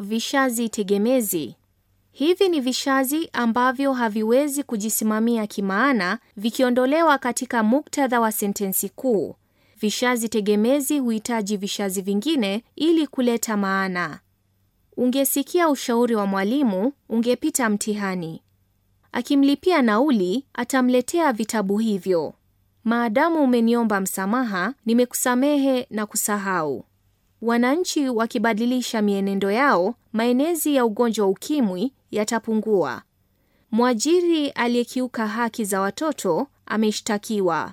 Vishazi tegemezi. Hivi ni vishazi ambavyo haviwezi kujisimamia kimaana vikiondolewa katika muktadha wa sentensi kuu. Vishazi tegemezi huhitaji vishazi vingine ili kuleta maana. Ungesikia ushauri wa mwalimu, ungepita mtihani. Akimlipia nauli, atamletea vitabu hivyo. Maadamu umeniomba msamaha, nimekusamehe na kusahau. Wananchi wakibadilisha mienendo yao, maenezi ya ugonjwa wa ukimwi yatapungua. Mwajiri aliyekiuka haki za watoto ameshtakiwa.